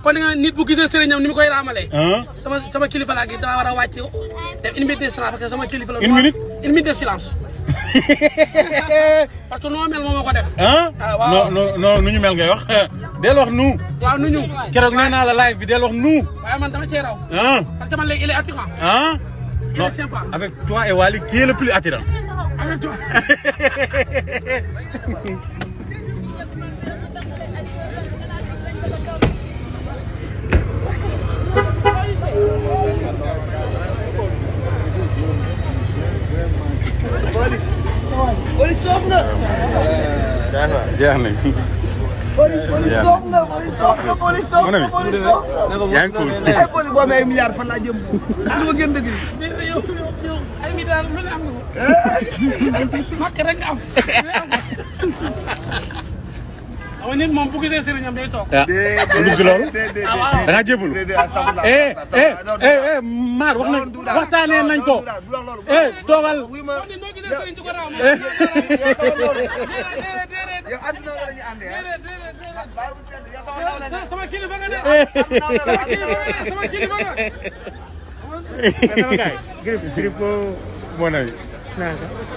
kon nga nit bu gisee sëriñam ni mu koy raamalee. sama sama kilifa laa gis daa war a wàcc def une minute de silence parce que sama kilifa la. une minute une minute de silence. parce que noo mel moom moo ko def. ah waaw non non nu ñu mel ngay wax. del wax nu. waaw nu ñu. keroog nee naa la live bi del wax nu. waaye man dama cee raw. parce que man léegi il est attirant. ah non avec toi et Wally qui est le plus attirant. avec toi. Olis. Olis soob na. jeex na. Olis soob na Olis soob na Olis soob na Olis soob na. yaa ngi cool. ay Olis boo amee ay milliards fan laa jëm. est-ce que ma gën dëgg. mais yow yow ay milliards lu ne am na ko. makk rek nga am. xam nit moom bu gisee sëriñam day toog. Ah. dugg si loolu. Ah, da ngaa jébbalu. Ah, eh eh eh, eh maar wax nañ waxtaanee nañ ko. eh toogal. sama kilifa nga sama kilifa nga. Gripo, Gripo, mon ami.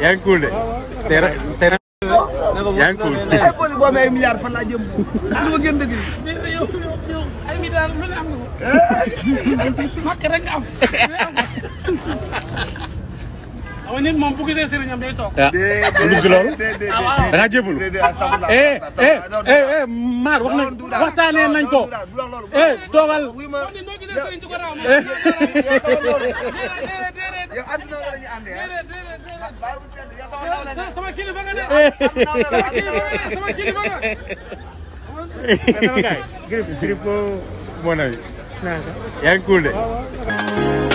yaa ngi cool de. yaa ngi cool. ay poli eh, boo amee ay milliards fan laa jëm. est-ce que ma gën dëgg yi. mais yow yow yow ay milliards lu ne am nga ko. Eh. makk rek nga am. nit moom bu gisee sëriñam day toog. ah dugg si loolu. da ngaa jébalu. eh eh eh maar wax nañ waxtaanee nañ ko. eh toogal. sama kilifa nga de. sama kilifa nga de. Grip Grip mon ami. yaa ngi cool de. Ah,